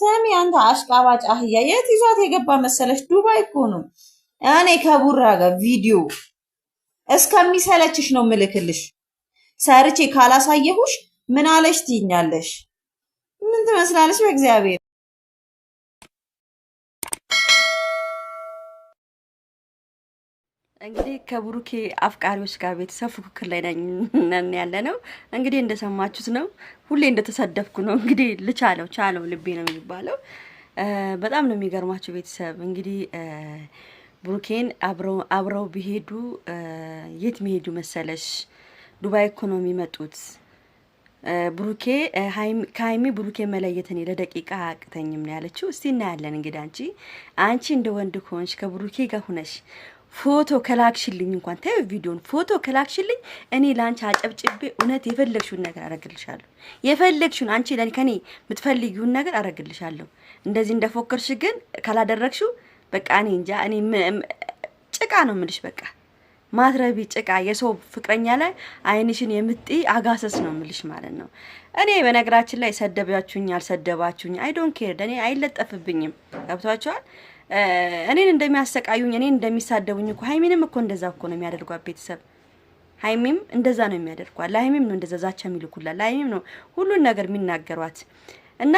ሰሚ አንተ አሽቃባጭ አህያ የት ይዟት የገባ መሰለች? ዱባይ እኮ ነው። እኔ ከቡራ ጋር ቪዲዮ እስከሚሰለችሽ ነው ምልክልሽ። ሰርቼ ካላሳየሁሽ ምን አለሽ ትይኛለሽ? ምን ትመስላለች በእግዚአብሔር እንግዲህ ከብሩኬ አፍቃሪዎች ጋር ቤተሰብ ፉክክር ላይ ነን ያለ ነው። እንግዲህ እንደሰማችሁት ነው። ሁሌ እንደተሰደብኩ ነው። እንግዲህ ልቻለው ቻለው ልቤ ነው የሚባለው። በጣም ነው የሚገርማችሁ ቤተሰብ እንግዲህ ብሩኬን አብረው ቢሄዱ የት መሄዱ መሰለሽ? ዱባይ እኮ ነው የሚመጡት። ብሩኬ ከሀይሚ ብሩኬ መለየት እኔ ለደቂቃ አቅተኝም ነው ያለችው። እስቲ እናያለን እንግዲህ አንቺ አንቺ እንደ ወንድ ከሆንሽ ከብሩኬ ጋር ሁነሽ ፎቶ ከላክሽልኝ እንኳን ታዩ ቪዲዮን ፎቶ ከላክሽልኝ እኔ ለአንቺ አጨብጭቤ እውነት የፈለግሽውን ነገር አረግልሻለሁ። የፈለግሽውን አንቺ ለኔ ከኔ የምትፈልጊውን ነገር አረግልሻለሁ። እንደዚህ እንደፎከርሽ ግን ካላደረግሽው በቃ እኔ እንጃ። እኔ ጭቃ ነው ምልሽ። በቃ ማትረቢ ጭቃ የሰው ፍቅረኛ ላይ አይንሽን የምጥ አጋሰስ ነው ምልሽ ማለት ነው። እኔ በነገራችን ላይ ሰደባችሁኝ አልሰደባችሁኝ አይ ዶንት ኬር፣ ለእኔ አይለጠፍብኝም። ገብቷቸዋል። እኔን እንደሚያሰቃዩኝ እኔን እንደሚሳደቡኝ እኮ ሀይሚንም እኮ እንደዛ እኮ ነው የሚያደርጓት ቤተሰብ ሀይሚም እንደዛ ነው የሚያደርጓት። ለሀይሚም ነው እንደዛ ዛቻ የሚልኩላት። ለሀይሚም ነው ሁሉን ነገር የሚናገሯት። እና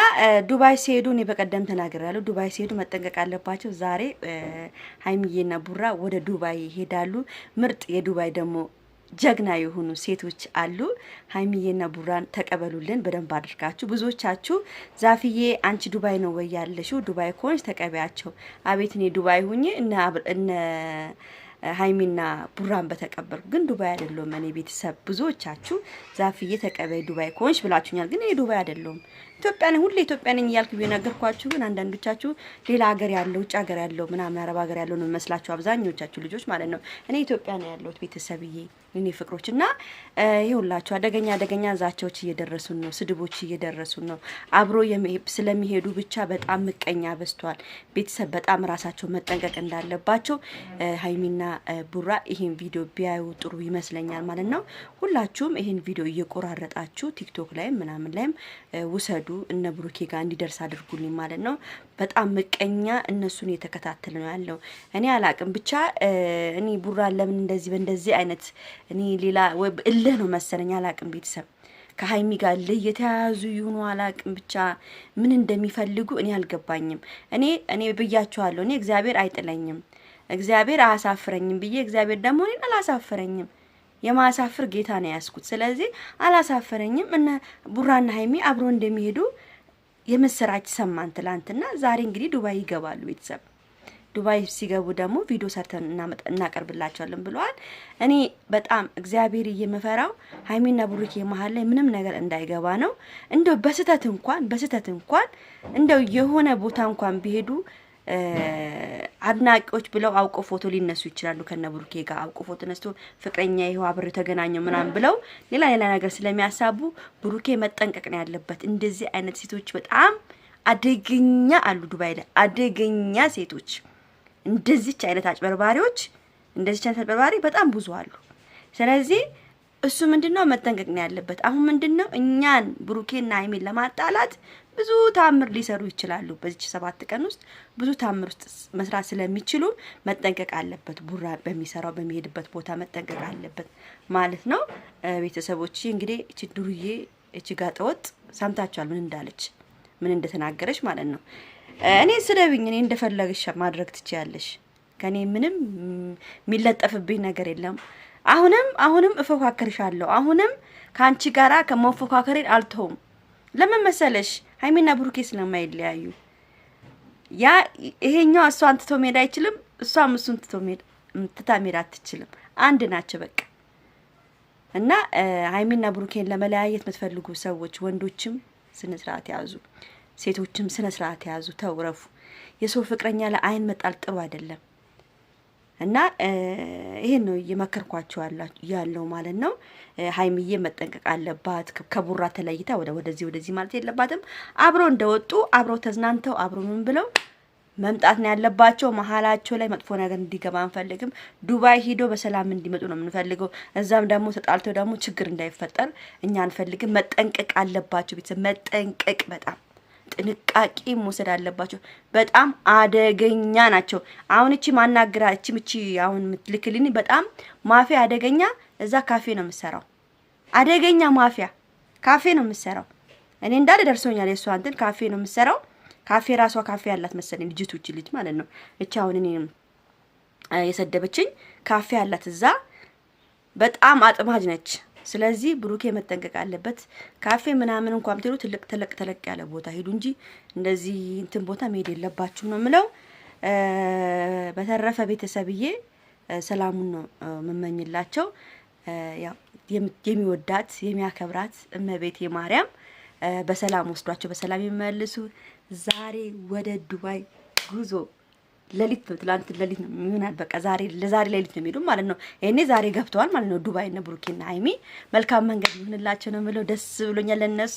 ዱባይ ሲሄዱ እኔ በቀደም ተናግሬያለሁ። ዱባይ ሲሄዱ መጠንቀቅ አለባቸው። ዛሬ ሀይሚዬና ቡራ ወደ ዱባይ ይሄዳሉ። ምርጥ የዱባይ ደግሞ ጀግና የሆኑ ሴቶች አሉ። ሀይሚዬና ቡራን ተቀበሉልን በደንብ አድርጋችሁ። ብዙዎቻችሁ ዛፍዬ አንቺ ዱባይ ነው ወይ ያለሽው? ዱባይ ከሆንሽ ተቀበያቸው። አቤት እኔ ዱባይ ሁኜ እነ ሀይሚና ቡራን በተቀበልኩ፣ ግን ዱባይ አይደለም እኔ ቤተሰብ። ብዙዎቻችሁ ዛፍዬ ተቀበይ ዱባይ ከሆንሽ ብላችሁኛል፣ ግን እኔ ዱባይ አይደለሁም። ኢትዮጵያ ነኝ ሁሌ ኢትዮጵያ ነኝ እያልክ ቢነገርኳችሁ ግን አንዳንዶቻችሁ ሌላ ሀገር ያለው ውጭ ሀገር ያለው ምናምን አረብ ሀገር ያለው ነው የሚመስላችሁ አብዛኞቻችሁ ልጆች ማለት ነው። እኔ ኢትዮጵያ ነው ያለሁት ቤተሰብዬ፣ እኔ ፍቅሮች እና ይኸውላችሁ አደገኛ አደገኛ ዛቻዎች እየደረሱን ነው፣ ስድቦች እየደረሱን ነው። አብሮ ስለሚሄዱ ብቻ በጣም ምቀኛ በዝቷል። ቤተሰብ በጣም ራሳቸው መጠንቀቅ እንዳለባቸው ሀይሚና ቡራ ይሄን ቪዲዮ ቢያዩ ጥሩ ይመስለኛል ማለት ነው። ሁላችሁም ይሄን ቪዲዮ እየቆራረጣችሁ ቲክቶክ ላይም ምናምን ላይም ውሰዱ። እንዲረዱ እነ ብሩኬ ጋር እንዲደርስ አድርጉልኝ ማለት ነው። በጣም ምቀኛ እነሱን እየተከታተል ነው ያለው። እኔ አላቅም ብቻ እኔ ቡራን ለምን እንደዚህ በእንደዚህ አይነት እኔ ሌላ እልህ ነው መሰለኝ አላቅም ቤተሰብ ከሀይሚ ጋር እልህ የተያያዙ ይሁኑ አላቅም። ብቻ ምን እንደሚፈልጉ እኔ አልገባኝም። እኔ እኔ ብያችኋለሁ እኔ እግዚአብሔር አይጥለኝም፣ እግዚአብሔር አያሳፍረኝም ብዬ እግዚአብሔር ደግሞ እኔን አላሳፍረኝም። የማሳፍር ጌታ ነው ያስኩት። ስለዚህ አላሳፈረኝም። እነ ቡራና ሀይሚ አብሮ እንደሚሄዱ የምስራች ሰማን ትላንትና። ዛሬ እንግዲህ ዱባይ ይገባሉ ቤተሰብ። ዱባይ ሲገቡ ደግሞ ቪዲዮ ሰርተን እናቀርብላቸዋለን ብለዋል። እኔ በጣም እግዚአብሔር እየመፈራው ሀይሚና ብሩኬ መሀል ላይ ምንም ነገር እንዳይገባ ነው። እንደው በስህተት እንኳን በስህተት እንኳን እንደው የሆነ ቦታ እንኳን ቢሄዱ አድናቂዎች ብለው አውቆ ፎቶ ሊነሱ ይችላሉ። ከነ ብሩኬ ጋር አውቆ ፎቶ ነስቶ ፍቅረኛ ይሄው አብር ተገናኘው ምናምን ብለው ሌላ ሌላ ነገር ስለሚያሳቡ ብሩኬ መጠንቀቅ ነው ያለበት። እንደዚህ አይነት ሴቶች በጣም አደገኛ አሉ። ዱባይ ላይ አደገኛ ሴቶች፣ እንደዚች አይነት አጭበርባሪዎች፣ እንደዚች አይነት አጭበርባሪ በጣም ብዙ አሉ። ስለዚህ እሱ ምንድነው መጠንቀቅ ነው ያለበት። አሁን ምንድነው እኛን ብሩኬና አይሜል ለማጣላት ብዙ ታምር ሊሰሩ ይችላሉ። በዚች ሰባት ቀን ውስጥ ብዙ ታምር ውስጥ መስራት ስለሚችሉ መጠንቀቅ አለበት። ቡራ በሚሰራው በሚሄድበት ቦታ መጠንቀቅ አለበት ማለት ነው። ቤተሰቦች እንግዲህ እቺ ዱርዬ እቺ ጋጠወጥ ሰምታችኋል፣ ምን እንዳለች ምን እንደተናገረች ማለት ነው። እኔ ስደብኝ፣ እኔ እንደፈለግሽ ማድረግ ትችያለሽ። ከኔ ምንም የሚለጠፍብኝ ነገር የለም። አሁንም አሁንም እፎካከርሻለሁ። አሁንም ከአንቺ ጋራ ከመፎካከሬን አልተውም። ለምን መሰለሽ ሀይሚና ብሩኬ ስለማይለያዩ ያ ይሄኛው እሷን ትቶ መሄድ አይችልም፣ እሷም እሱን ትቶ መሄድ ትታ መሄድ አትችልም። አንድ ናቸው በቃ። እና ሀይሚና ብሩኬን ለመለያየት የምትፈልጉ ሰዎች ወንዶችም ስነ ስርዓት ያዙ፣ ሴቶችም ስነ ስርዓት ያዙ። ተውረፉ። የሰው ፍቅረኛ ለአይን መጣል ጥሩ አይደለም። እና ይሄን ነው እየመከርኳቸው ያለው ማለት ነው። ሀይሚዬ መጠንቀቅ አለባት። ከቡራ ተለይታ ወደዚህ ወደዚህ ማለት የለባትም። አብረው እንደወጡ አብረው ተዝናንተው አብረው ምን ብለው መምጣት ነው ያለባቸው። መሀላቸው ላይ መጥፎ ነገር እንዲገባ አንፈልግም። ዱባይ ሂዶ በሰላም እንዲመጡ ነው የምንፈልገው። እዛም ደግሞ ተጣልተው ደግሞ ችግር እንዳይፈጠር እኛ አንፈልግም። መጠንቀቅ አለባቸው ቤተሰብ መጠንቀቅ በጣም ጥንቃቄ መውሰድ አለባቸው። በጣም አደገኛ ናቸው። አሁን እቺ ማናግራ እቺ ምቺ አሁን ምትልክልኝ በጣም ማፊያ አደገኛ፣ እዛ ካፌ ነው የምሰራው። አደገኛ ማፊያ ካፌ ነው የምሰራው። እኔ እንዳለ ደርሶኛል። የእሷ እንትን ካፌ ነው የምሰራው። ካፌ ራሷ ካፌ ያላት መሰለኝ ልጅቱ፣ እቺ ልጅ ማለት ነው። እቺ አሁን እኔ የሰደበችኝ ካፌ ያላት እዛ በጣም አጥማጅ ነች። ስለዚህ ብሩኬ መጠንቀቅ አለበት። ካፌ ምናምን እንኳን ትሄዱ ትልቅ ተለቅ ተለቅ ያለ ቦታ ሄዱ እንጂ እንደዚህ እንትን ቦታ መሄድ የለባችሁ ነው የምለው። በተረፈ ቤተሰብዬ ሰላሙን ነው የምመኝላቸው። የሚወዳት የሚያከብራት እመቤቴ ማርያም በሰላም ወስዷቸው በሰላም የሚመልሱ ዛሬ ወደ ዱባይ ጉዞ ለሊት ነው ትላንት ለሊት ነው በቃ ዛሬ ለዛሬ ለሊት ነው የሚሉ ማለት ነው። እኔ ዛሬ ገብተዋል ማለት ነው። ዱባይ እነ ብሩኬና ሀይሚ መልካም መንገድ ይሁንላቸው ነው የምለው። ደስ ብሎኛል ለነሱ።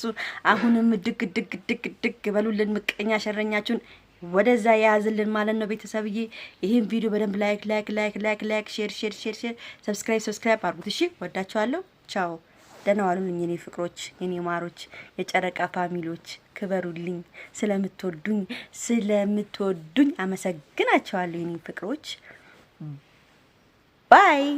አሁንም ድግ ድግ ድግ ድግ በሉልን፣ ምቀኛ ሸረኛችሁን ወደዛ የያዝልን ማለት ነው። ቤተሰብዬ ይህን ቪዲዮ በደንብ ላይክ ላይክ ላይክ ላይክ ላይክ ሼር ሼር ሼር ሼር ሰብስክራይብ ሰብስክራይብ አድርጉት። እሺ ወዳችኋለሁ። ቻው ደህና ዋሉልኝ የኔ ፍቅሮች፣ የኔ ማሮች፣ የጨረቃ ፋሚሊዎች ክበሩልኝ። ስለምትወዱኝ ስለምትወዱኝ አመሰግናቸዋለሁ የኔ ፍቅሮች ባይ